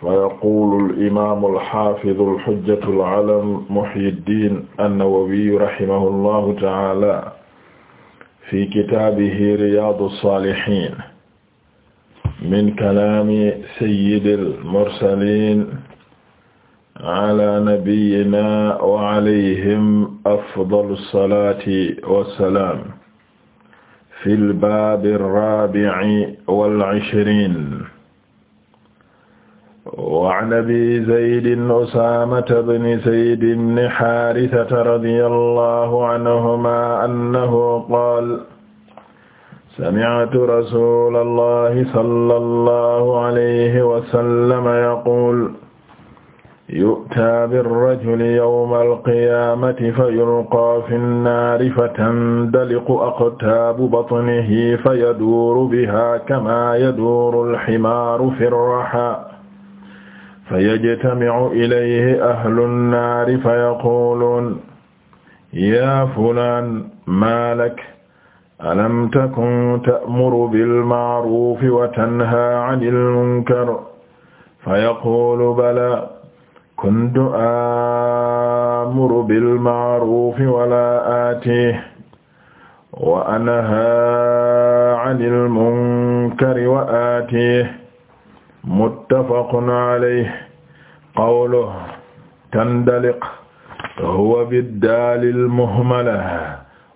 fa yaqulu alimamu alxafidu alxujjatu alalam muhyiddin annawawiyu rahimahu allahu taala fi kitaabihi riyaadu saalihiin min kalaami sayyidil mursaliin ala nabiyyinaa wa alayhim afdalu salaati wa salaam fil baabi raabi'i wal ishriin waan abi zaydin usaamata bni zayd bni xaarisata radiyallahu anhuma annahu qaal samictu rasulallahi sallallahu alayhi wa sallam yaquul yu'taa birrajuli yawma alqiyaamati fayulqaa fi nnaari fatandaliqu aqtaabu batnihi fayaduuru bihaa kamaa yaduuru alximaaru fi rraxaa fa yajtami'u ilayhi ahlu nnaari fa yaquluun yaa fulaan maa lak alam takun ta'muru bilma'ruufi wa tanhaa 'anil munkar fa yaquulu balaa kuntu aamuru bilma'ruufi wa laa aatiihi wa anhaa 'anil munkari wa aatiihi muttafaqun alayhi qawluhu tandaliq huwa biddaali almuhmala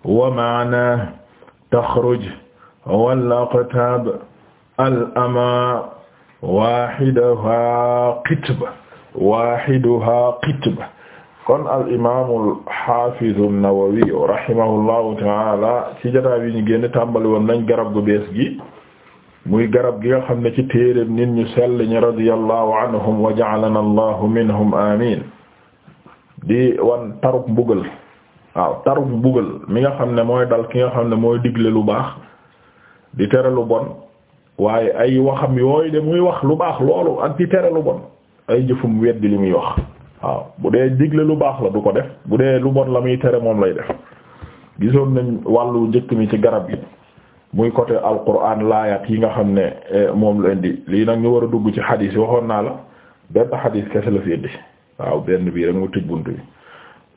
wa maana taxruj wal aqtaab al amaa waahiduhaa qitba waahiduhaa qitba kon al imaamul xaafizu nawawi rahimahullahu taala ci jotaay bi ñu génn tàmbali woon nañ garab gu bees gi. muy garab gi nga xam ne ci téeréb nit ñu sell ñi radiyallahu anhum wa ja'alana allahu minhum amin di wan taruk mbugal waaw taruk mbugal mi nga xam ne mooy dal ki nga xam ne mooy digle lu baax di tere lu bon waaye ay waxam yooyu de muy wax lu baax loolu ak di tere lu bon ay jëfum weddi li muy wax waaw bu dee digle lu baax la du ko def bu dee lu bon la muy tere moom lay def gisoon nañ wàllu njëkk mi ci garab gi muy côté alquran laayat yi nga xam ne e, moom la indi lii nag ñu war a dugg ci xadiis yi waxoon naa la benn xadiis kese la fi waaw benn bii rek mu tëj bunt bi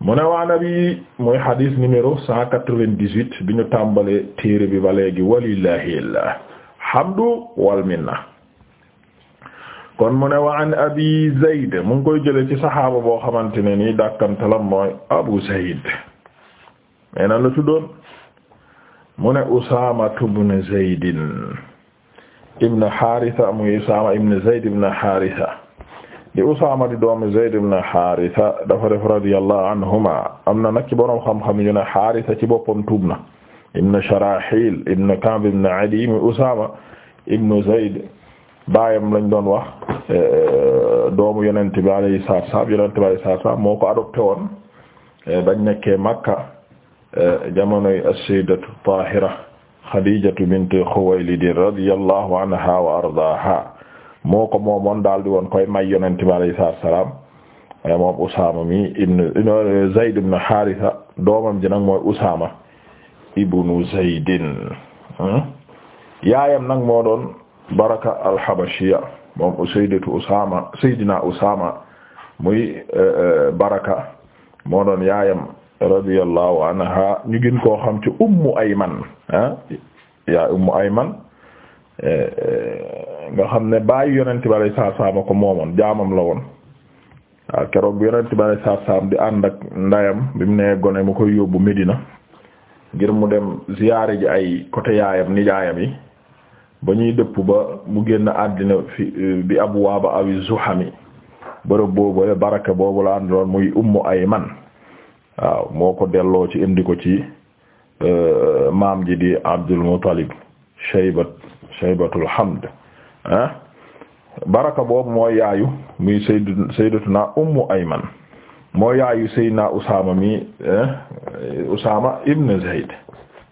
mu ne waa nabi muy xadiis numéro cent quatre-vingt-dix-huit bi ñu tàmbalee téere bi ba léegi walillahi alhamdu wal minna kon mu ne wa an abi zayd mu koy jële ci saxaaba boo xamante ne nii dàkkantalam mooy abu zayd nee na la tuddoon mu ne Usaama ibn Zayd ibn Haarisa muy Usaama ibn Zayd ibn Haarisa di Usaama di doomi Zayd ibn Haarisa dafa def radiyallahu anhuma am na nag ci boroom xam-xam yu ne Haarisa ci boppam tuub na ibn Sharahil ibn Ka'b ibn mu muy Usaama ibn Zayd baayam lañ doon wax eh, doomu Yonent bi alayhi salaatu wa salaam Yonent bi alayhi salaatu moo ko adopté woon eh, bañ nekkee Makka jamonoy as-sayyidatu tahira khadijatu bint khuwaylid radiyallahu anha wa moo ko moomoon daal di woon koy may yonente bi alayhi salaam eh, moom Usaama mi ibn Zayd ibn doomam ji nag mooy Usaama ibnu Zaydin hmm? yaayam nag moo doon Baraka al moom Sayyidatu Usaama Sayyidina eh, eh, Baraka moo doon yaayam radiyallahu anha ñu gën koo xam ci ummu ay man ah, yaa ummu ayman nga xam ne bàyyi yonent bi alayhi salaatu salaam ko moomoon jaamam la woon waaw keroog bi yonent bi alayhi di ànd ak ndayam bi mu nee gone mu koy yóbbu Medina ngir mu dem ziyaare ji ay côté yaayam nijaayam yi ba ñuy dëpp ba mu génn àddina fi bi abwaaba awi zuhami bërëb boobu baraka boobu la àndoon muy ummu man waaw moo ko delloo ci indi ko ci euh, maam ji di Abdul Muttalib shaybat shaybatul hamd ah baraka boobu moo yaayu muy sayyidu sayyidatuna ummu ayman moo yaayu sayyidina Usaama mi Usaama ibn Zayd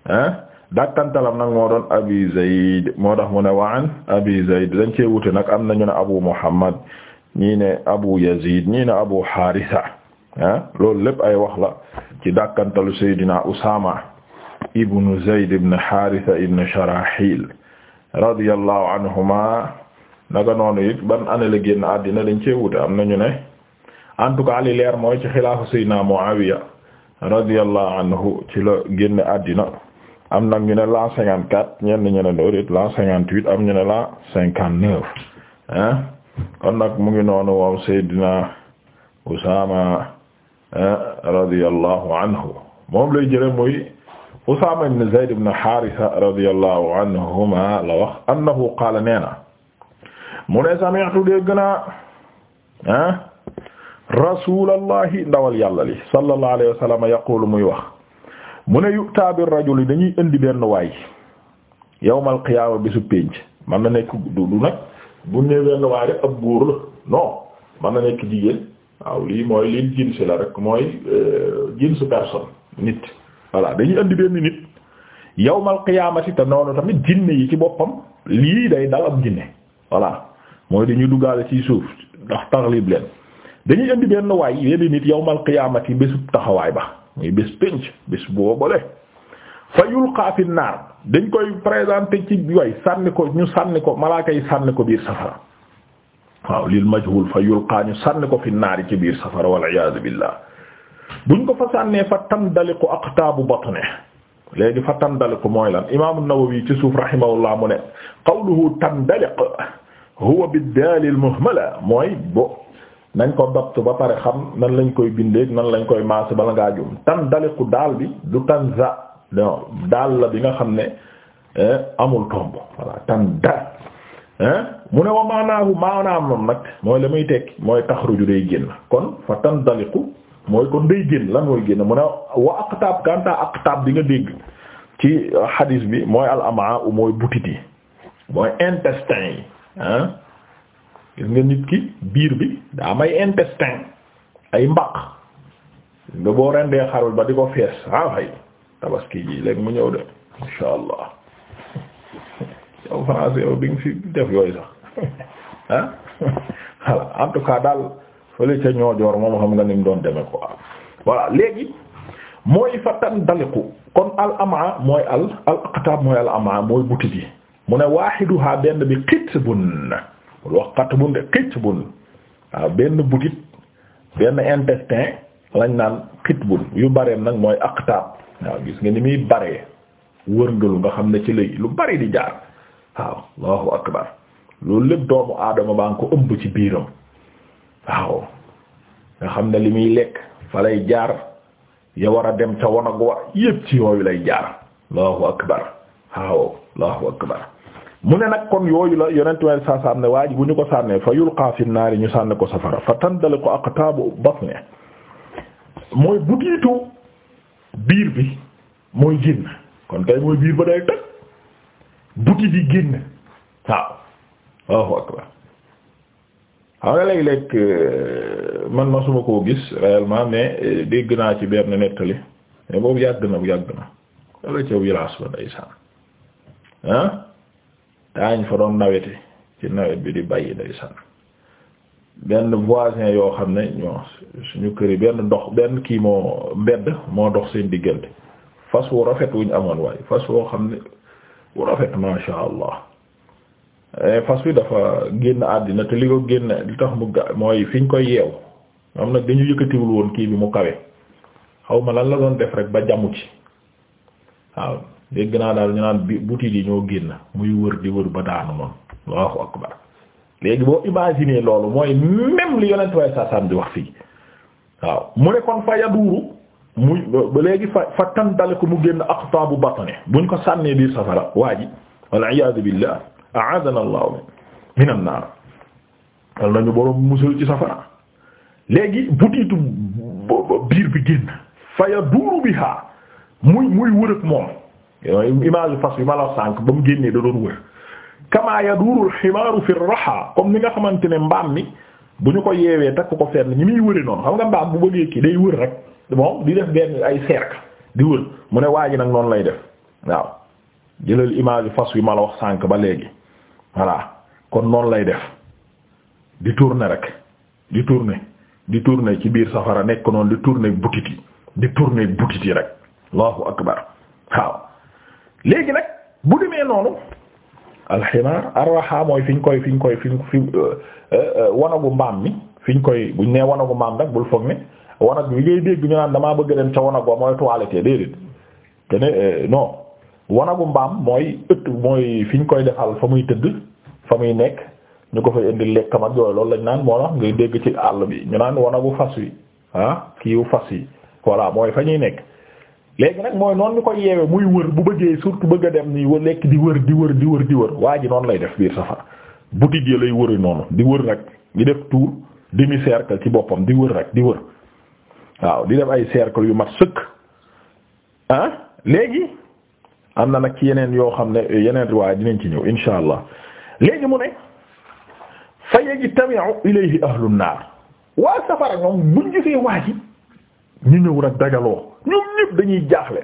ah dakkantalam nag moo doon abi Zayd moo tax mu ne waan abi Zayd dañ wute nag am nañu ne abu Muhammad ñii ne abu Yazid ñii ne abu Haritha Ah loolu lépp ay wax la ci dàkkantalu Seydina Usaama ibnu Zayd ibn Haarisa ibn Sharaxil radiyallahu anhuma naka noonu it ban année la génn àddina dañ cee wute am ñu ne en tout cas li leer mooy ci xilaafu Seydina Muawiya radiyallahu anhu ci la génn àddina am nag ñu ne la cinquante quatre ñenn ñu ne doorit l'an am ñu ne l'an cinquante neuf ah. kon nag mu ngi noonu moom Seydina Usaama Ah, radiyallahu anhu moom lay jëlee muy Usaama ibn Zayd ibn Haarisa radiyallahu anhuma la wax annahu qaala nee na mu ne sami'tu dégg naa ah rasulallahi ndawal yàlla li sallallahu alayhi wa sallam yaqulu muy wax mu ne yu'taa bir rajuli dañuy indi benn waay yawmal qiyaama bisu pénc man na nekk du du nag bu ñu nee benn waay rek ab góor la non man na nekk jigéen. waaw lii mooy lii jins la rek mooy euh, jinsu personne nit voilà dañuy andi benn nit yawmal qiyaamati te noonu tamit jinne yi ci boppam lii day dal ab jinne voilà mooy dañuy duggaale ci suuf ndax taxlib leen dañuy andi benn waay yenn nit yawmal qiyaamati bésub taxawaay ba muy bés pénc bés boobale fa yulqaa fi naar dañ koy présente ci way sànni ko ñu sànni ko malaaka yi sànni ko biir safara waaw lil majhul fa yulqaani sànni ko fi naari ci biir safara wal iyaazu billah buñ ko fa sànnee fa tandaliqu aqtaabu batne léegi fa tandaliqu mooy lan imaam an-Nawawi ci suuf rahimahullah mu ne qawluhu tandaliq huwa bid-daal al-muhmala mooy bo nañ ko dabt ba pare xam nan lañ koy bindeeg nan lañ koy maase bala ngaa jum tandaliqu daal bi du tanza daal la bi nga xam ne eh, amul tomb mu ne wa maanaahu maanaam moom nag mooy la muy tekki mooy taxruju day génn kon fa tandaliqu mooy kon day génn lan mooy génn mu ne wa aqtaab kanta aqtaab di nga dégg ci hadis bi mooy al amaa mooy butit yi mooy intestin yi ah gis nga nit ki biir bi daamay may intestin ay mbaq nga boo rendee xarul ba di ko fees waaw ah, xëy tabaski ji léegi mu ñëw de insha allah yow français yow di nga fi def yooyu sax ah voilà en tout cas daal fële ca ñoojoor moom xam nga ni mu doon demee quoi voilà léegi mooy fatan daliku kon al mooy al al aqtab mooy al mooy butit yi mu ne waaxiduha benn bi xitbun wax xatbun de xitbun waaw benn butit benn intestin lañ naan xitbun yu bareem nag mooy aqtab waaw gis nga ni muy baree wërngalu nga xam ne ci lay lu bari di jaar waaw allahu akbar loolu lépp doomu aadama baa ngi ko ëmb ci biiram waaw nga xam ne li muy lekk fa lay jaar ya war a dem ca wanag wa yépp ci yooyu lay jaar allahu akbar waaw allahu akbar mu ne nag kon yooyu la yonentu waaye saa sànne waa ji bu ñu ko sànnee fa yulqaa fi naari ñu sànne ko safara fa tandale ko aqtaabu batni mooy butiitu biir bi mooy génn kon tey mooy biir ba day tëj buti di génn waaw waaw akbar xam nga léeg-léeg euh, man ma suma koo gis réellement mais euh, dégg naa ci benn nettali mais boobu yàgg na bu yàgg na walla ca village ba ndeysaan ah daañ fa doon nawet bi di bàyyi benn voisin yoo xam ne ñoo suñu kër yi benn dox benn kii moo mbedd moo dox seen diggante fas wu rafet wuñ amoon waaye fas woo xam ne bu rafet masha allah eh, fas wi dafa génn àddina te li ko génn li tax mu ga mooy fiñ koy yeew moom nag dañu yëkkatiwul woon kii bi mu kawe xaw ma lan la doon def rek ba jamu ci waaw dégg naa daal ñu naan butit yi ñoo génn muy wër di wër ba daanu noonu Allahu akbar léegi boo imaginer loolu mooy même li yonent way sasam di wax fii waaw mu ne kon fa yaduuru muy ba léegi fa fa tandaliku mu génn aqtaabu bu buñ ko sànnee biir safara waa ji wal iyaadu billah a'aadana allahu min an-naar wal nañu boroom musul ci safara léegi butiitu biir bi génn fa yaduuru biha muy muy wër ak moom image fas bi ma la sànk ba mu génnee da doon wër kamaa yaduuru al-himaaru fi ar-rahaa comme ni nga xamante ne mbaam mi bu ñu ko yeewee takk ko fenn ñi muy wëri noonu xam nga mbaam bu bëggee kii day wër rek moom di def benn ay cercle di wër mu ne waa ji nag noonu lay def waaw jëlal image fas wi ma la wax sànk ba léegi voilà kon noonu lay def di tourner rek di tourner di tourner ci biir safara nekk noonu di tourner butit yi di tourner butit yi rek allahu akbar waaw léegi nag bu demee noonu alximaar arraxa mooy fi ñu koy fi ñu koy fi fi euh, euh, euh, wanagu mbaam mi fi ñu koy buñ nee wanagu mbaam nag bul foog ne wanag wi ngay dégg ñu naan damaa bëgg dem ca wanag wa mooy toilette déedéet te ne euh, non wanagu mbaam mooy ëtt mooy fi ñu koy defal fa muy tëdd fa muy nekk ñu ko fay indi lekkam ak yooyu loolu lañ naan moo tax ngay dégg ci àll bi ñu naan wanagu fas wi ah kiiwu fas yi voilà mooy fa ñuy nekk. léegi nag mooy noonu ñu koy yeewee muy wër bu bëggee surtout bëgg a dem nii wa lekk di wër di wër di wër di wër waa ji noonu lay def biir safara boutique yi lay wëri noonu di wër rek di def tour ci boppam di wër rek di wër. waaw di def ay cercle yu mat sëkk ah léegi am na nag ci yeneen yoo xam ne yeneen riwaay dinañ ci ñëw insha allah léegi mu ne fa yajtami'u ilayhi ahlu naar waa safara ñoom buñ gisee waa ji ñu ñëw nag dajaloo ñoom ñëpp dañuy jaaxle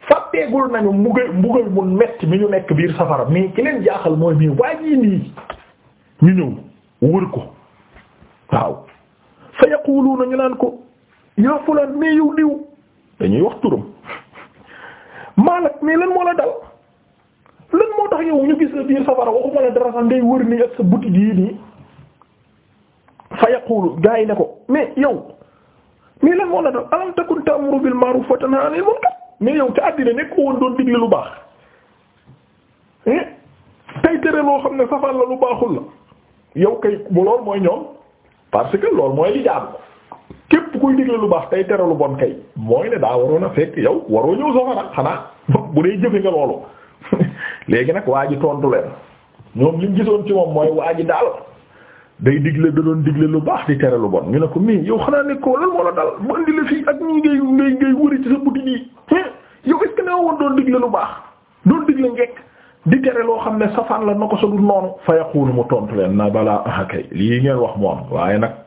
fa fàtteegul nañu mbugal mbugal mu metti mi ñu nekk biir safara mais ki leen jaaxal mooy mii waa ji nii ñu ñëw wër ko waaw fa yaquluuna ñu naan ko yaa fulaan mais yow diw dañuy wax turam maalak mais lan moo la dal lan moo tax yow ñu gis la biir safara waxuma la dara sax ngay wër ni ak sa boutique yi nii fa yaqulu gaa ne ko mais yow mais lan moo la dal alam takun ta'muru bil ma'ruf wa tanha 'anil munkar mais yow ca àddina nekk woon doon digle lu baax eh? tey tere loo xam ne safar la lu baaxul la yow kay bu lool mooy ñoom parce que lool mooy li jaadu kuy digle lu baax tey tere lu bon kay mooy ne daa waroon a fekk yow waroo ñëw safara xanaa bu dee jëfe nga loolu léegi nag waa ji tontu leen ñoom liñ gisoon ci moom mooy waa ji daal day digle da doon digle lu baax di tere lu bon ñu ne ko mii yow xanaa ne ko lan moo la dal mu indi la fii ak ñi ngay ngay ngay wëri ci sa boutique yi yow est-ce que doon digle lu baax doon digle njekk di tere loo xam ne safaan la na ko sa noonu fa yaqulu mu tontu leen na balaa ah lii ngeen wax mu waaye nag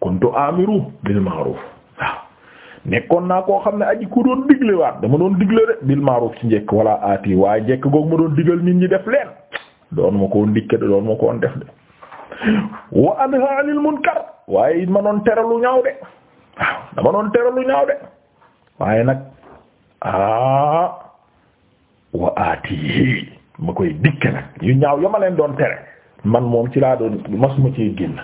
kuntu amiru bil ma'ruf waaw nekkoon naa koo xam ne aji ku doon digle waat dama doon digle de bil ma'ruf ci njekk wala aati waaye njekk goog ma doon digal nit ñi def leen doon ma ko ndikke de doon ma ko def de wa anha 'anil munkar waaye it ma doon tere waaw dama doon tere lu ñaaw de waaye nag ah wa aati yi ma koy dikke nag yu ñaaw ya leen doon tere man moom ci laa doon mas ma ci génn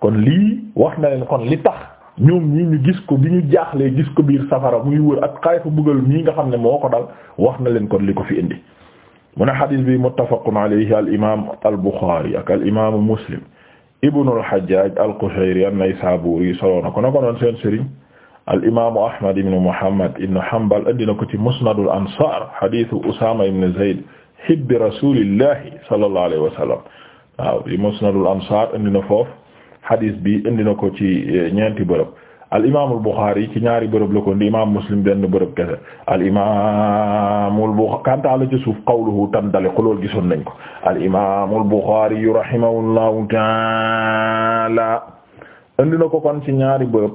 kon lii wax na leen kon li tax ñoom ñii ñu gis ko bi ñu jaaxlee gis ko biir safara muy wër ak xaay fa bëggal ñii nga xam ne moo ko dal wax na leen kon li ko fi indi mu ne xadis bi muttafaqun alayhi al imam al buxaari ak al imaamu muslim ibnu al hajjaaj al qushayri an naysaabuuri soloo na ko na ko noon seen sëriñ al imaamu ahmad ibnu muhammad ibnu hanbal indi na ko ci musnadul ansaar xadisu usaama ibnu zayd hibbi rasulillahi sallallahu alayhi wa sallam waaw di musnadul ansaar indi na foofu hadis bi indi na ko ci eh, ñeenti bërëb al imaamul Bukhari ci ñaari bërëb la ko indi imaam Muslim benn bërëb kese al imaamul Bukhari kanta la ci suuf qawluhu tandaliqu loolu gisoon nañ ko al imaamul Bukhari rahimahullahu taala indi na ko kon ci ñaari bërëb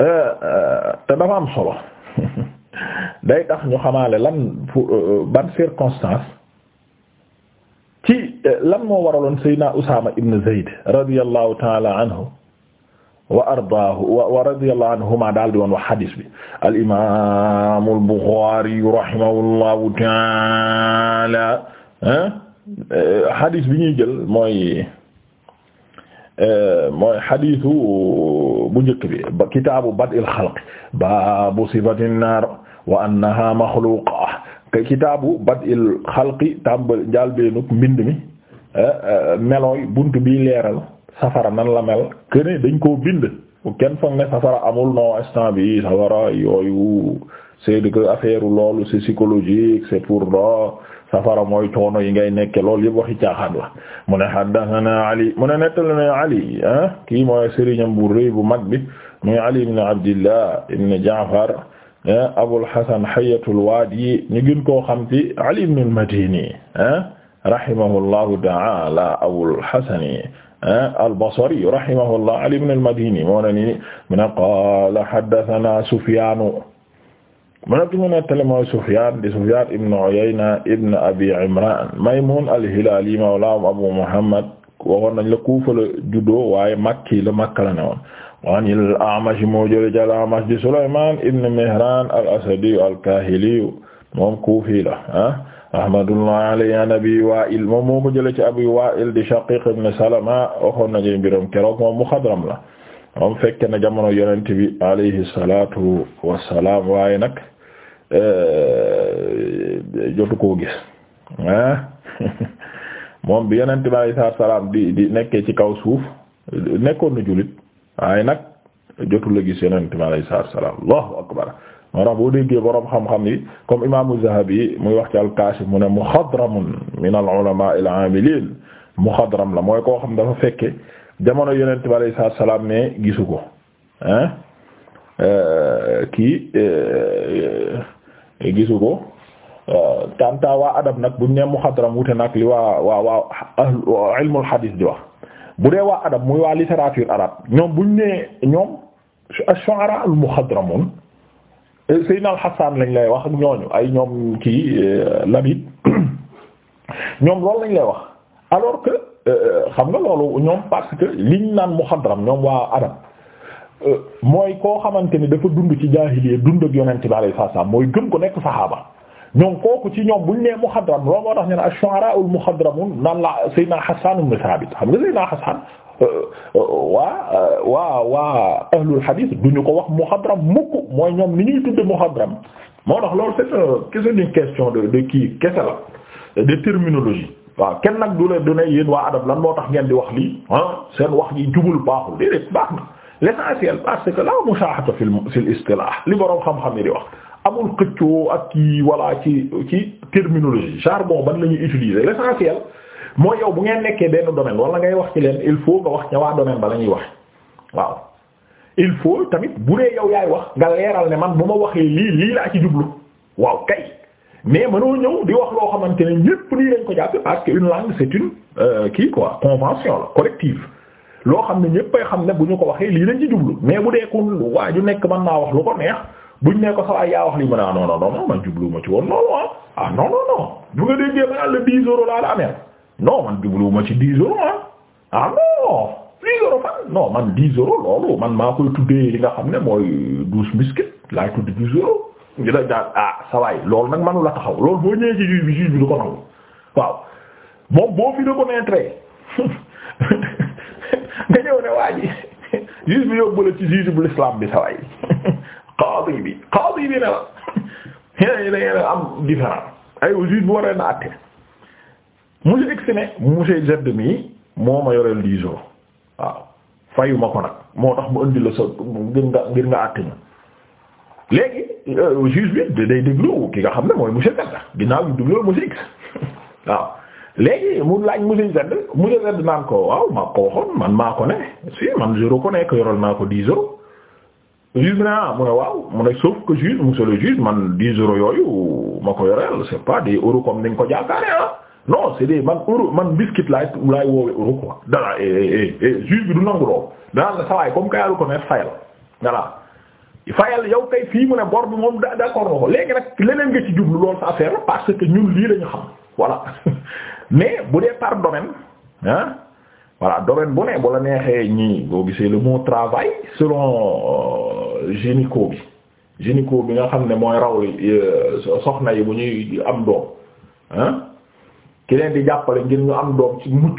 eh, eh, te dafa am solo day tax ñu xamaale lan ban circonstance lan moo waraloon Seydina Usaama ibn Zayd radiyallahu taala anhu wa ardaahu wa radiyallahu anhuma daal di woon wax hadis bi al imaam al Buxaari rahimahullahu taala hadis bi ñuy jël mooy euh, mooy hadisu bu njëkk bi kitaabu bad'il xalq baabu sifatin naar wa annaha maxluuqa kitaabu bad'il xalqi tàmbal njaalbeenuk mbind mi Euh, euh, melooy bunt bi leeral safara nan la mel këne dañ koo bind bu kenn foog ne safara amul non instant bi safara yooyu c'est que affaire loolu c'est psychologique c'est pour do euh, safara mooy coono yi ngay nekke loolu yëpp waxi caaxaan la mu ne haddathana ali mu ne nettali na ali kii mooy sëriñam bu rëy bu mag bi muy ali ibn abdillah ibn ja'far abul hasan hayatul wadi ñu gën koo xam ci ali ibn al-madini rahimahullahu ta'ala Abul Hasan eh, al-Basri rahimahullah Ali ibn al-Madini moo ne nii mu ne qaala haddathanaa Sufyaan mu ne mu nettali mooy Sufyaan di Sufyaan ibn Uyayna ibn Abi Imraan Maymuun al-Hilaali mawlaahum Abu Muhammad waxoon nañ la Kuufa la juddoo waaye Makki la Makka la newoon waan al-A'mash moo jëlee ci al-A'mash di Sulaymaan ibn Mihraan al-Asadi al-Kaahili moom Kuufi la ah. rahmatullah alayhi abi Wa'il moom moo ko jëlee ci abi Wa'il di Shaqiq ibn Salama waxoon nañu mbiram keroog moom muxadram la moom fekke na jamono yonent bi alayhi salaatu wa salaam waaye nag eh, jotu koo gis ah moom bi yonent bi alayhi salaatu salaam di nekke ci kaw suuf nekkoon na jullit waaye nag jotu la gis yonent bi alayhi salaam Allahu akbar moo tax boo déggee boroom xam-xam yi comme imaamu Zahabi muy wax ci al-Kaashif mu ne muxadramun min al-ulamaa al-aamiliin muxadram la mooy koo xam dafa fekke jamono yonent bi alayhi salaatu salaam ne gisu ko euh, kii euh, gisu ko kanta euh, waa adab nag buñ ne muxadram wute nag li waa waa waa ilmul wax bu dee waa adab muy waa littérature arabe ñoom buñ ne ñoom ash-shu'araa al-muxadramuun Euh, Seydina Al-Hassan lañ lay wax ak ñooñu ay ñoom kii euh, Labid ñoom loolu lañ lay wax alors que euh, xam nga loolu ñoom parce que liñ naan muxadram ñoom waa Adam mooy koo xamante ni dafa dund ci jaahiliya dund ak yonent bi alayhi salaam mooy gëm ko nekk saxaaba ñoom kooku ci ñoom buñ nee muxadram loolu moo tax ñu ne ash-shu'ara al-muxadramun naan la Seydina Hassan ibn Thabit xam nga Seydina Hassan Euh, euh, waa euh, waa waa ahlul hadith duñu ko wax muxadram mukk mooy ñoom ni ñuy tudde muxadram moo tax lool loolu c'est une question de de kii kese la de terminologie waaw kenn nag du la du ne yéen waa adab lan moo tax ngeen di wax lii ah seen wax ji jubul baaxul déedéet baax na l'essentiel parce que la mushahata fil fil istilah li boroom xam-xam yi di wax amul xëccoo ak kii walla ci ci terminologie jargon ban la ñuy utiliser l'essentiel mooy yow bu ngeen nekkee benn domaine wala ngay wax ci leen il faut nga wax ca waa domaine ba la ñuy wax waaw il faut tamit bu dee yow yaay wax nga leeral ne man bu ma waxee lii lii laa ci jublu waaw kay mais mënoo ñëw di wax loo xamante ne ñépp nii lañ ko jàppe parce que une langue c'est une euh, kii quoi convention la collective loo xam ne ñépp ay xam ne bu ñu ko waxee lii lañ ci jublu mais bu dee kon waa ju nekk mën naa wax lu ko neex buñ ne ko sawaay yaa wax lii ma ne ah non non non man jublu ma ci woon loolu non non non la non man jubluwuma ci dix euros ah non dix euros man non man dix euros loolu man maa koy tuddee li nga xam ne mooy douze biscuit laay tudde dix euros ngi la daal ah sawaay loolu nag manu la taxaw loolu boo ñëwee ci bi juge bi du ko moom boo fi reconnaître nga ñëw ne waa ji bi yóbbu la ci juge bu l'islam bi sawaay qaadi bi qaadi bi ne la ñeneen ñi da ngeen am différent ay juge bu waree na àtte mu X ne monsieur mii moo ma yoreel dix jours waaw fayu ko nag moo tax mu indi la sa ngir nga ngir nga àtte léegi euh, juge bi day déglu ki nga xam ne mooy monsieur Z ginnaaw bi déglu monsieur X waaw léegi mu laaj monsieur Z naan ko waaw maa ko waxoon man maa ko ne si man je reconnais que yoreel naa ko dix jours juge bi naa ah, mu ne waaw mu ne sauf que juge monsieur le juge man dix euros yooyu ma ko yoreel c'est pas des euros comme niñ ko jaakaare ah non c'est des man euro man biscuit laay woowe euro quoi dana eh, eh, eh, juge bi du nangu lool danaan la sawaay comme kayalu ko ne fayal voilà fayal yow kay fii mu ne bor bi moom da d'accord nga ko léegi nag leneen nga ci jublu loolu sa affaire la parce que ñun lii lañu xam voilà mais bu dee par domaine ah voilà domaine bu ne bu la neexee ñii boo gisee le mot travail selon euh, gynéco bi gynéco bi nga xam ne mooy raw euh, soxna yi bu ñuy am doom ah ki leen di jàppale ngir ñu am doom ci mucc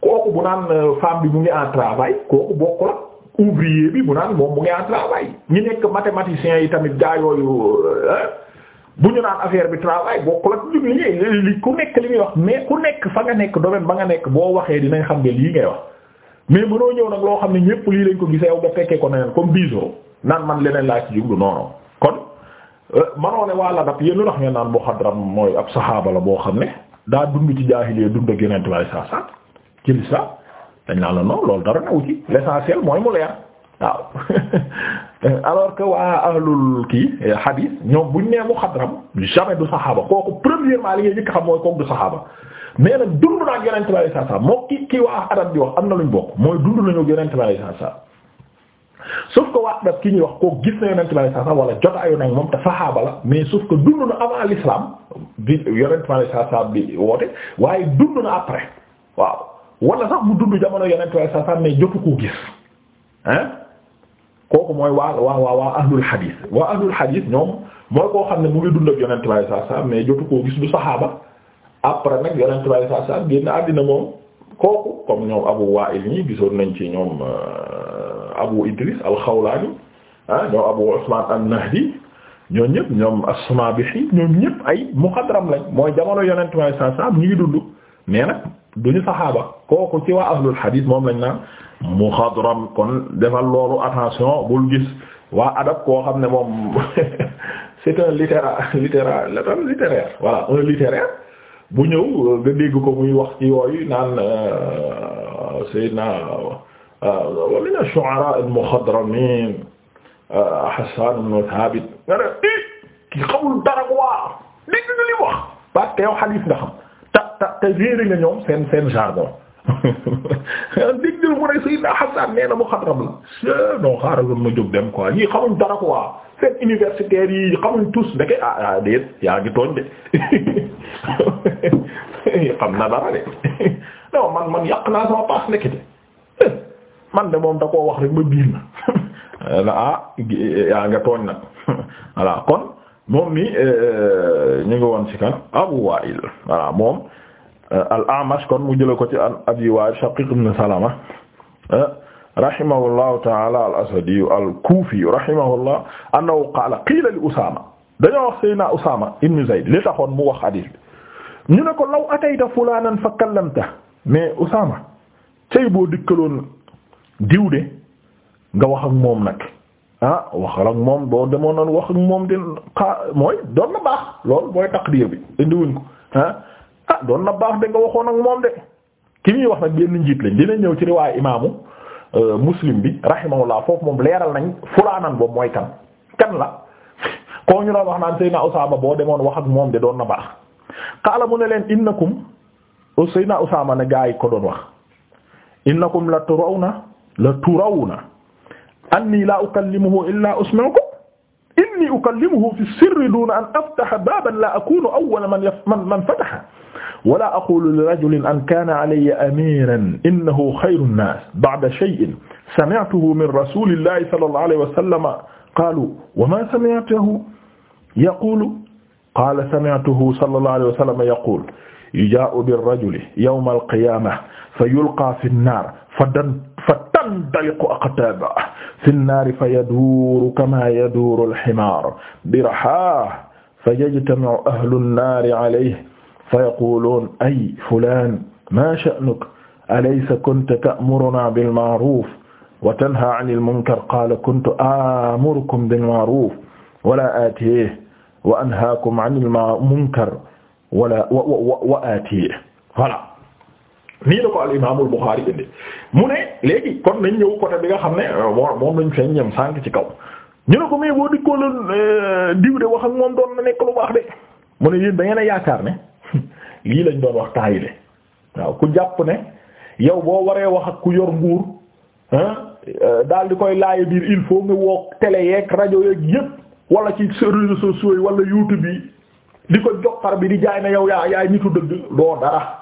kooku bu naan euh, femme bi mu ngi en travail kooku bokk la ouvrier bi bu naan moom mu ngi en travail ñi nekk mathématiciens yi tamit gaa yooyu euh, bu ñu naan affaire bi travail bokk la ñu ngi li ku nekk li muy wax mais ku nekk fa nga nekk domaine ba nga nekk boo waxee dinañ xam ne lii ngay wax mais mënoo ñëw nag loo xam ne ñépp lii lañ ko gisee yow ba fekkee ko neneen comme biso naan man leneen laa ci jublu noonu kon euh, ne waa la dab yéen lu tax mooy ab saxaaba la boo xam ne daa dund ci jaahiliya dund ak yeneen tubaab yi saa saa ci dañ naan la non loolu dara newu ci l'essentiel mooy mu leer waaw alors que waa ahlul kii hadis ñoom buñ nee mu xadram jamais du saxaaba kooku premièrement li ngay njëkk xam mooy kooku du saxaaba mais dund na ak yeneen tubaab yi saa saa moo ki kii waa arab bi am na luñ bokk mooy dund nañu ak yeneen tubaab yi saa sauf que waat daf ki ñuy wax koo gis na yonent bi sallallahu alayhi wasallam wala jotaayu nag moom te saxaaba la mais sauf que dund na avant l'islam bi yonent bi sallallahu alayhi wasallam bi woote waaye dund na après waaw wala sax mu dund jamono yonent bi sallallahu mais jotu koo gis ah kooku mooy waa waa waa waa ahlul hadis waa ahlul koo xam ne mu ngi dund ak yonent bi sallallahu alayhi wasallam mais jotu koo saxaaba après nag yonent bi sallallahu alayhi wasallam àddina moom kooku comme ñoom Abu Wa'il ñi gisoon nañ ci ñoom. Euh, Abu Idris al-Xawlaani ah ñoom Abu Usman an-Nahdi ñoom ñëpp ñoom as-Samaabihi ñoom ñëpp ay muxadram lañ mooy jamono yonent waaye saa ñu ngi dund mais nag duñu saxaaba kooku ci waa ahlul hadith moom lañ naan muxadram kon defal loolu attention bul gis waa adab koo xam ne moom c'est un littéraire littéraire littéraire voilà un littéraire bu ñëw nga dégg ko muy wax ci yooyu naan euh, Seydina wa min ash-shu'ara al-mukhadramin Hassan ibn Thabit nga ne eh, kii xamul dara waa dégg nga li wax parce que yow xadiis nga xam te te te réere nga ñoom seen seen jargon dégg nga mu ne Sayyidna Hassan nee na muxadram la c'est eh, non xaaral ma jóg dem quoi ñii xamuñ dara quoi seen universitaires yi xamuñ tous ndeke ah ah déet yaa ngi tooñ de xam na dara de non man man yàq naa sama paas ndeke de. Eh, man de moom da koo wax rek ba biir na ah yaa nga tooñ nag voilà kon moom mi euh, ñu ngi woon ci kan Abu Wa'il voilà moom euh, al-A'mash kon mu jëla ko ci an Abi Wa'il Shaqiq ibn Salama euh, rahimahullahu ta'ala al-Asadi al-Kufi rahimahullah annahu qaala qiila li Usaama dañoo wax Seydina Usaama ibn Zayd li taxoon mu wax hadiis bi ñu ne ko law atayta fulaanan fa kallamta mais Usaama tey boo dikkaloon diw de nga wax ak moom nag ah waxal ak moom boo demoon noonu wax ak moom de xaa mooy doon na baax loolu mooy taqdir bi indiwuñ ko ah ah doon na baax de nga waxoon ak moom de ki muy wax nag benn njiit lañ dina ñëw ci riwaayu imaamu euh, muslim bi rahimahullah foofu moom leeral nañ fulaanan boobu mooy kan kan la koo ñu la wax naan Seydina Usaama boo demoon wax ak moom de doon na baax qaala mu ne leen innakum Seydina Usaama ne gaa yi ko doon wax innakum la turawna la turawna anni la ukallimuhu illa usma'ukum inni ukallimuhu fi sirri duna an aftaha baban la akunu awwala man man man fataha wala aqulu li rajulin an kana alayya amiran innahu khayru nnas ba'da shay'in sami'tuhu min rasulillahi sallallahu alayhi wa sallam qalu wa ma sami'tahu yaqulu qala sami'tuhu sallallahu alayhi wa sallam yaqulu yujaa'u bir rajuli yawma al-qiyamah fayulqa fi an-nar fa dan fa tandaliqu aqtaaba fi nnaari fa yaduuru kamaa yaduuru alximaar birhaah fa yajtamicu ahlu nnaari alayhi fa yaquuluun ay fulaan maa sha'nuka alaysa kunta ta'murunaa bilma'ruuf wa tanhaa cani lmunkar qaala kuntu aamurukum bilma'ruuf walaa aatiihi wa anhaakum cani lmunkar walaa wa wa wa aatiihi voilà nii la ko al imaamul Buxaari indi mu ne léegi kon nañ ñëw côté bi nga xam ne euh, moom lañ feeñ ñem sànq ci kaw ñu ne ko mais boo dikkoo la euh, diw de wax ak moom doon na nekk lu baax de mu ne yéen da ngeen a yaakaar ne lii lañ doon wax temps de waaw ku jàpp ne yow boo waree wax ak ku yor nguur euh, daal di koy laaye biir il faut nga woo télé yeeg rajo yeeg yépp wala ci réseaux sociaux yi wala YouTube yi di ko joxar bi di jaay na yow yaa yaay nitu dëgg doo dara.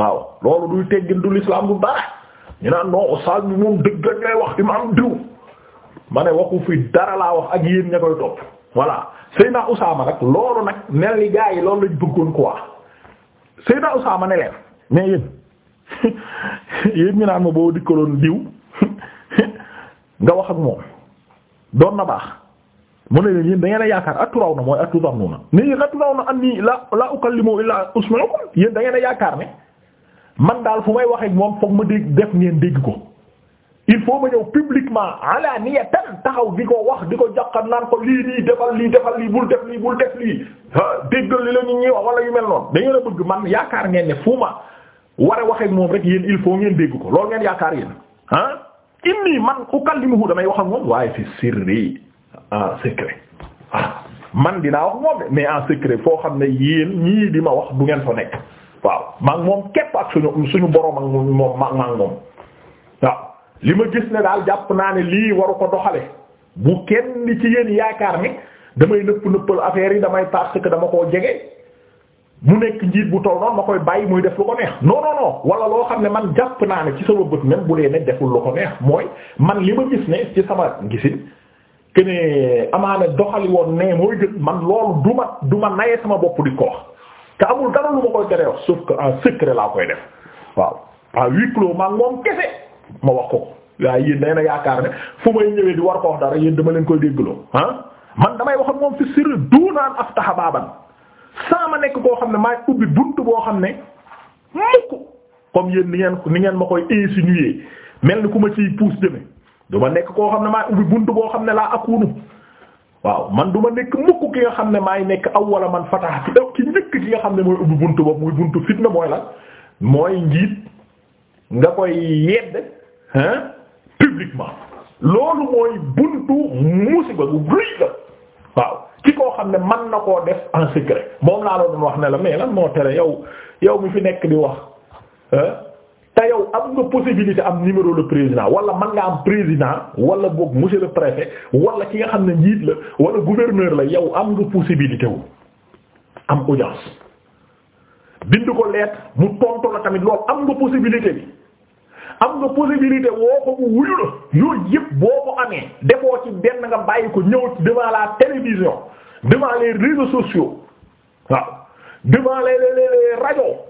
waaw loolu duy teggin du l'islam du dara ñu naan non ustaas bi moom dëgg rek ngay wax imaam diw ma ne waxu fi dara laa wax ak yéen ña koy topp voilà Seyna Usaama nag loolu nag nel ni gaa yi loolu lañ bëggoon quoi Seyna Usaama ne leen mais yéen yéen ñu am ma boo dikkaloon diw nga wax ak moom doon na baax mu ne leen yéen da ngeen a yaakaar aturaw na mooy aturaw na ne yéen aturaw na an nii la la ukallimu illa usma'ukum yéen da ngeen yaakaar ne man daal fu may waxee moom foog ma dégg def ngeen dégg ko il faut ma ñëw publiquement ala niyatan taxaw di ko wax di ko jàqat naan ko lii nii defal lii defal lii bul def lii bul def lii déggal li la nit wax wala yu mel noonu da ngeen bëgg man yaakaar ngeen ne fu ma war a waxee moom rek yéen il faut ngeen dégg ko loolu ngeen yaakaar yéen ah inni man li ukallimuhu damay wax ak moom waaye fi sirri en secret man dinaa wax moom mais en secret foo xam ne yéen ñii di ma wax du ngeen fa nekk waaw maa moom képp ak suñu suñu borom ak moom maa ngi moom waaw li ma gis ne daal jàpp naa ne lii waru ko doxale bu kenn ci yéen yaakaar ni damay nëpp nëppal affaire yi damay parce que dama koo jege mu nekk njiit bu toll noonu ma koy bàyyi muy def lu ko neex non non non wala loo xam ne man jàpp naa ne ci sama bët même bu lee ne deful lu ko neex mooy man li ma gis ne ci sama gisin que ne amaana doxali woon ne mooy gën man loolu du duma du ma naye sama bopp ko wax te amul dara lu ma koy tere wax sauf que en secret laa koy def waaw à huis clos maa moom kese ma wax ko waaye yéen day na yaakaar ne fu may ñëwee di war ko wax dara yéen dama leen koy déggloo ah man damay wax ak moom fi sirri duunaan aftaha baaban saa ma nekk koo xam ne maa ubbi bunt boo xam ne mukk comme yéen ni ngeen ni ngeen ma koy insinuer mel ni ku ma ciy puus jëme du ma nekk koo xam ne maa ubbi buntu boo xam ne laa akunu waaw man du ma nekk mukk ki nga xam ne maay nekk aw awwala man fatax ki njëkk ki nga xam ne mooy ubbi buntu ba muy buntu fitna mooy lan mooy njiit nga koy yedd hein publiquement loolu mooy buntu musiba gu rëy waaw ki koo xam ne man na koo def en secret moom laa la doon wax ne la mais lan moo tere yow yow mu fi nekk di wax te yow am nga possibilité am numéro le président wala man nga am président wala boog monsieur le préfet wala ki nga xam ne njiit la wala gouverneur la yow am nga possibilité wu am audience bind ko lettre mu tontu la tamit loolu am nga possibilité bi am nga possibilité woo ko mu wuyu la yooyu yëpp boo ko amee defoo ci benn nga bàyyi ko ñëw devant la télévision devant les réseaux sociaux waaw devant les les les rajo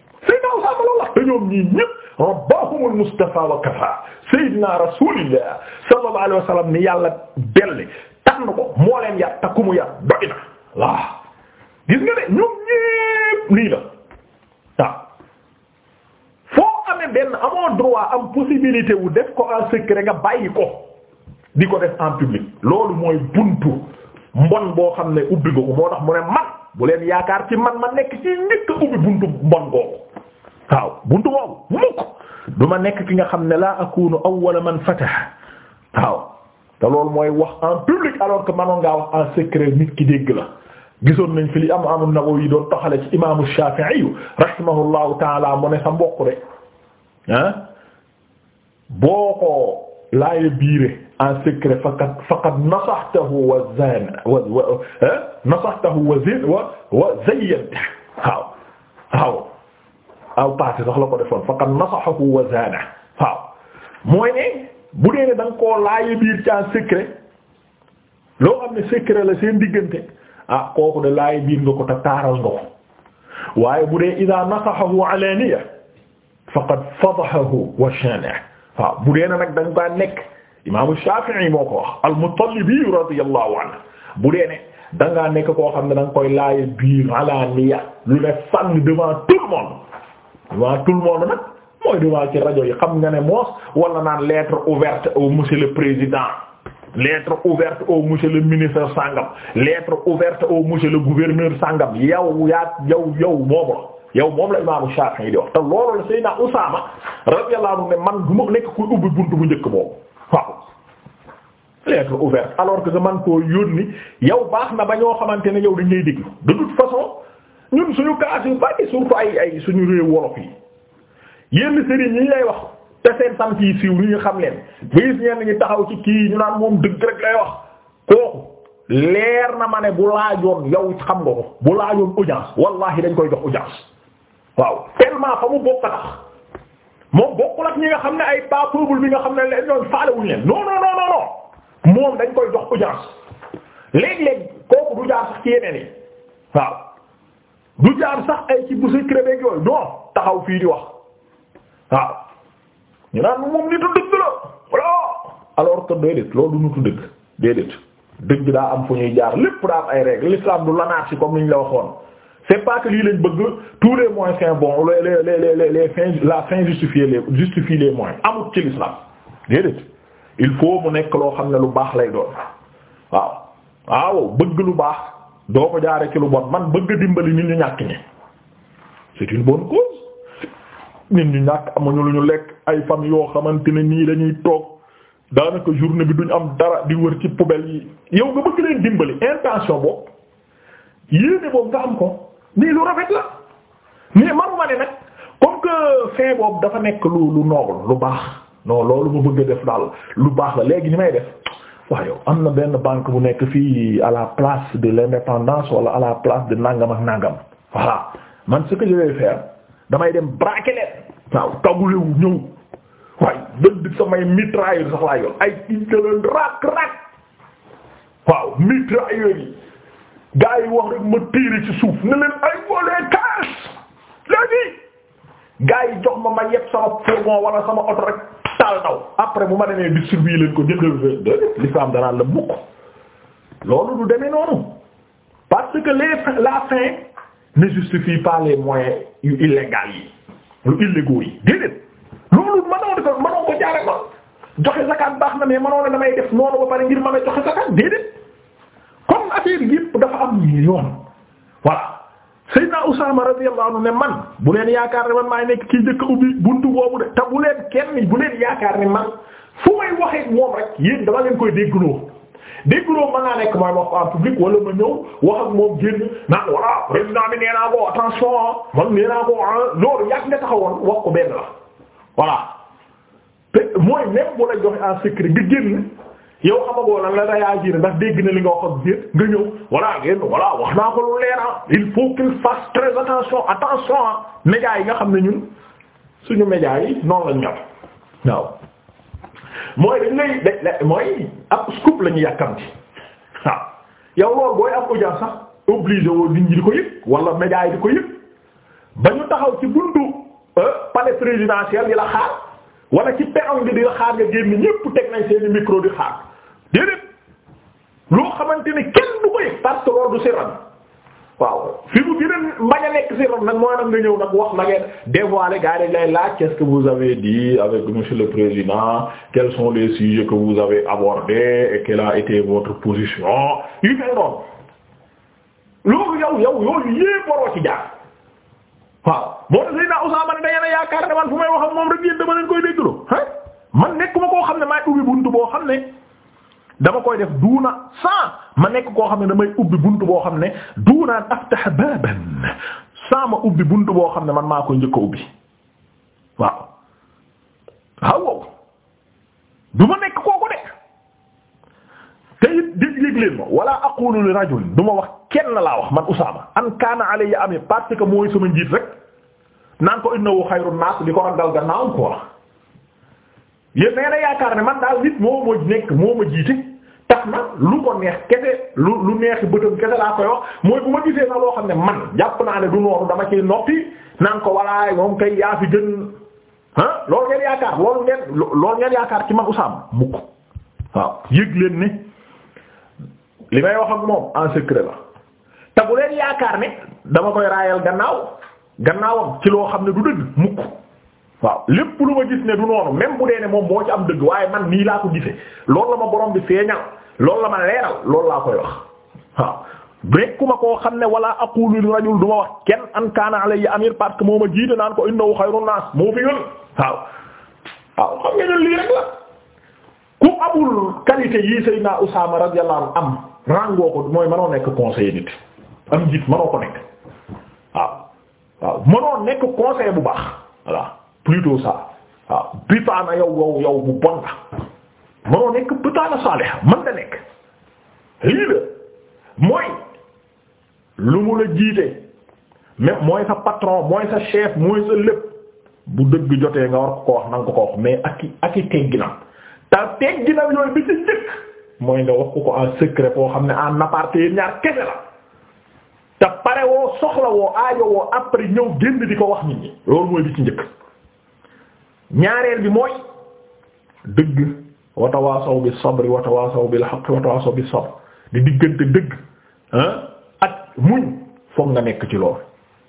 Seydina Usaama la wax te ñoom ñii ñëpp rabbahumul Mustafa wa Seydina Rasulillah sallallahu alayhi ni yàlla belli tànn ko moo leen yar takku mu yar doy na waaw. gis nga ne ñoom ñëpp lii la waaw foo amee benn amoo droit am possibilité wu def ko en secret nga bàyyi ko di ko def en public loolu mooy buntu mbon boo xam ne ubbi nga ko moo tax mu ne man bu leen yaakaar ci man ma nekk ci njëkk ubbi buntu mbon googu waaw buntu boobu mukk du ma nekk ki nga xam ne laa akunu awwala man fataha waaw te loolu mooy wax en public alors que manoon ngaa wax en secret nit ki dégg la gisoon nañ fi li am am Nawawi doon toxale ci imaamu Shafi'i rahimahullahu taala mu ne sa mbokk de ah boo ko laaye biire en secret faqad faqad nasaxtahu wa zana wa wa nasaxtahu wa zin wa wa aw passé sax la ko defoon faqad nasahahu wa zaada waaw mooy ne bu dee ne da nga koo laaye biir ca secret loo xam ne secret la seen diggante ah kooku de laaye biir nga ko te taaral nga ko waaye bu dee idaa nasahahu alaaniya faqad fadahahu wa shaana waaw bu dee ne nag da nga nekk imaamu Shaafi'i moo ko wax al-Muttalibi radiyallahu anhu bu dee ne da ngaa nekk koo xam ne da nga koy laaye biir alaaniya lu ne fang devant tout le monde. waa tout le monde nag mooy di waa ci rajo yi xam nga ne moos wala naan lettre ouverte au monsieur le président letre ouverte au monsieur le ministre sangam letre ouverte au monsieur le gouverneur sangam yow yaa yow yow moomu la yow moom la imaamu Shafi'i yi di wax te loolu la Seydina Usaama radiyallahu anhu ne man du nekk kuy ubbi bunt bu njëkk boobu waaw. lettre ouverte alors que man koo yónni yow baax na ba ñoo xamante ne yow dañ lay déglu de toute ñun suñu kaas yu bari surtout ay ay suñu réew wolof yi yenn sëriñ ñi lay wax te seen sant yi siiw ñu xam leen ba gis ñenn ñi taxaw ci kii ñu naan moom dëgg rek lay wax kooku leer na ma ne bu laajoon yow xam nga ko bu laajoon audience wallahi dañ koy jox audience waaw tellement fa mu bokk tax moom bokkul ak ñi nga xam ne ay pas peuple bi nga xam ne leen ñoom faalewuñu leen non non non moom dañ koy jox audience léeg-léeg kooku du jaar waaw. du jaar sax ay ci bu secret beeg yooyu non taxaw fii di wax waaw ñu naan moom nitu dëgg la wala alors que déedéet loolu du nitu dëgg déedéet dëgg daa am fu ñuy jaar lépp daa am ay règles l'islam du l'anarchie comme ni la waxoon c'est pas que lii lañ bëgg tous les moyens sont bon les les les les les la fin justifie les justifie les moyens amut ci l'islam déedéet il faut mu nekk loo xam ne lu baax lay doon waaw waaw bëgg lu baax. doo ko jaare ci lu bon man bëgg dimbali nit ñu ñàkk ñi c'est une bonne cause nit ñu ñàkk amuñu lu ñu lekk ay fan yoo xamante ne nii dañuy toog daanaka journée bi duñ am dara di wër ci poubelle yi yow nga bëgg leen dimbali intention boobu yéene boobu nga am ko nii lu rafet la mais manuma ne nag comme que fin boobu dafa nekk lu lu noble lu baax non loolu ma bëgg def daal lu baax la léegi ni may def waaw am na benn banque bu nekk fii à la place de l'indépendance wala à la place de nangam ak nangam voilà man ce que je vais damay dem braquer leen waaw tagulewu ñëw waaye dëgg samay mitrailleurs sax laa yor ay iñtaleen rak rak waaw mitrailleurs yi gaa yi wax rek ma tiiri ci suuf ne ay volet cash léegi gaa yi jox ma ma yeb sama fourgon wala sama oto rek taal daw après bu ma demee distribuer leen ko jëndal de l'islam danaan la mukk loolu du demee noonu parce que les la fin ne justifie pas les yu illégaux yi lu illégaux yi déedéet loolu mënoon ko mënoon ko jaare ma joxe zakat baax na mais ma na damay def noonu ba pare ngir ma a joxe zakat déedéet kon affaire yépp dafa am yoon voilà Seydina Usaama radiyallahu anhu ne man bu leen yaakaar ne man maay nekk kii njëkk ubbi buntu boobu de te bu leen kenn bu leen yaakaar ne man fu may waxee moom rek yéen dama leen koy déggloo déggloo mën naa nekk may wax en public wala ma ñëw wax ak moom génn naan voilà président bi nee naa ko attention ah, man nee naa ko ah, loolu yàgg nga taxawoon wax ko benn la voilà. te mooy même bu la joxe en secret nga génn yow xamagoo lan la réagir ndax dégg na li nga wax ak biir nga ñëw voilà ngeen voilà wax naa ko lu leer il faut qu'il fasse très attention attention ah yi nga xam ne ñun suñu médias yi noonu lañ ñor waaw. mooy dañ lay da mooy ab scoop la ñu yàkkamti waaw yow loolu booy am audience sax obligé woo nit di ko yëg wala médias yi di ko yëg ba ñu taxaw ci buntu euh, palais présidentiel yi la xaar. wala ci peron bi di xaar nga génn ñépp teg nañ seeni micro di xaar déedéet loo xamante ne kenn du ko yëg parce que loolu du sirran waaw fi mu gën a mbañ a nekk sirran nag moo nag nga ñëw nag wax na ngeen dévoiler gars yi lay laaj qu'est-ce vous avez dit avec monsieur le président quels sont les sujets que vous avez abordés a été votre position yu mel noonu loolu yow yow yooyu yépp waroo ci jaar waaw moo tax Seydina Usaama ne dangeen a yaakaar ne man fu may wax ak moom rek yéen dama leen koy déglu ah man nekkuma koo xam ne maay ubbi buntu boo xam ne. dama koy def duuna sans ma nekk koo xam ne damay ubbi buntu boo xam ne duunaan aftaha baaban sans ma ubbi bunt boo xam ne man maa koy njëkk a ubbi waaw waaw du ma nekk kooku de te it di yëg leen ma wala aqulu rajul du ma wax kenn laa wax man Usaama an kaana alayya am parce que mooy sama njiit rek naan ko innahu xayru naas di ko ragal gannaaw quoi yéen da ngeen a yaakaar ne man daal nit moo ma nekk moo ma jiite. tax lu ko neex kese lu lu neexi bëtam kese laa koy wax mooy bu ma gisee na loo xam ne man jàpp naa ne du noonu dama ci noppi naan ko walaay moom kay yaa fi gën ah loolu ngeen yaakaar loolu ngeen loolu ngeen yaakaar ci ne li may wax ak moom en secret te bu leen yaakaar ne dama koy raayal gannaaw gannaawam ci loo xam ne du dëgg mukk waaw lépp lu ma gis ne du noonu même bu dee ne moom moo ci am dëgg waaye man nii laa ko gisee loolu la ma borom bi feeñal loolu la ma leeral loolu laa koy wax waaw rekkuma koo xam ne wala aqulu li rajul du wax kenn an kaana alayya amir parce que moo ma jiite naan ko innahu xayrun naas moo fi gën waaw waaw xam qualité yi Seydina Usaama radiyallahu nekk conseiller nit am waaw waaw mënoo nekk bu baax waaw bi yow yow bu bon la mënoo nekk butaana saaliha mën nekk lii la mooy lu mu la jiite mais mooy sa patron mooy sa chef mooy sa lépp bu dëgg jotee nga war ko wax na nga ko ko wax mais ak i ak i tegginam te tegginam yooyu bi ci njëkk mooy nga wax ko ko en secret boo xam ne en aparté ñaar kese la te pare woo soxla woo aajo woo après ñëw génn di ko wax nit ñi loolu mooy bi ci njëkk ñaareel bi mooy dëgg wa tawaasaw bi sabri wa tawaasaw bil haqq wa tawaasaw bis sabr di diggante dëgg ah ak muñ foog nga nekk ci lool